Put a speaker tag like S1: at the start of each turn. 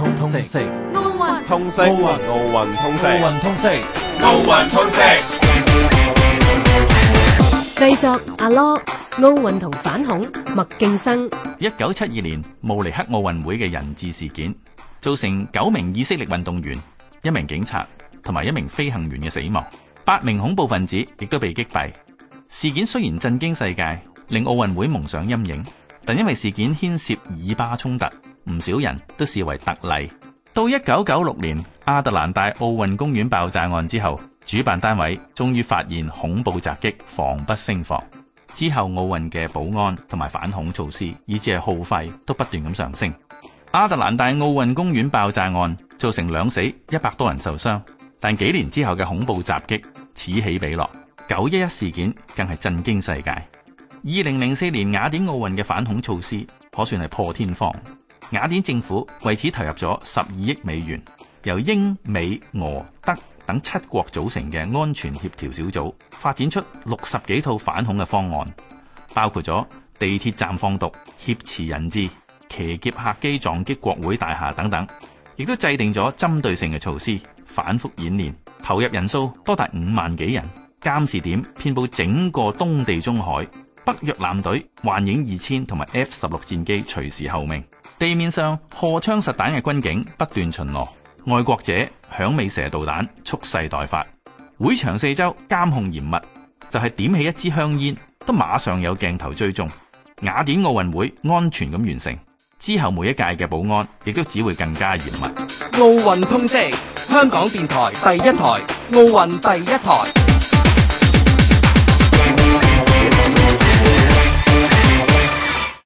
S1: 通通奧運，奧運續，奧運通奧運通奧運通製作：阿羅，奧運同反恐，麥敬生。一九七二年慕尼黑奧運會嘅人質事件，造成九名以色列運動員、一名警察同埋一名飛行員嘅死亡，八名恐怖分子亦都被擊斃。事件雖然震驚世界，令奧運會蒙上陰影。但因為事件牽涉以巴衝突，唔少人都視為特例。到一九九六年亞特蘭大奧運公園爆炸案之後，主辦單位終於發現恐怖襲擊防不勝防。之後奧運嘅保安同埋反恐措施，以至係耗費都不斷咁上升。亞特蘭大奧運公園爆炸案造成兩死一百多人受傷，但幾年之後嘅恐怖襲擊此起彼落，九一一事件更係震驚世界。二零零四年雅典奧運嘅反恐措施可算係破天荒。雅典政府為此投入咗十二億美元，由英、美、俄、德等七國組成嘅安全協調小組，發展出六十幾套反恐嘅方案，包括咗地鐵站放毒、挾持人質、騎劫客機、撞擊國會大廈等等，亦都制定咗針對性嘅措施，反覆演練，投入人數多達五萬幾人，監視點遍布整個東地中海。北約艦隊幻影二千同埋 F 十六戰機隨時候命，地面上荷槍實彈嘅軍警不斷巡邏，愛國者響尾蛇導彈蓄勢待發，會場四周監控嚴密，就係點起一支香煙都馬上有鏡頭追蹤。雅典奧運會安全咁完成之後，每一屆嘅保安亦都只會更加嚴密。奧運通識，香港電台第一台，奧運第一台。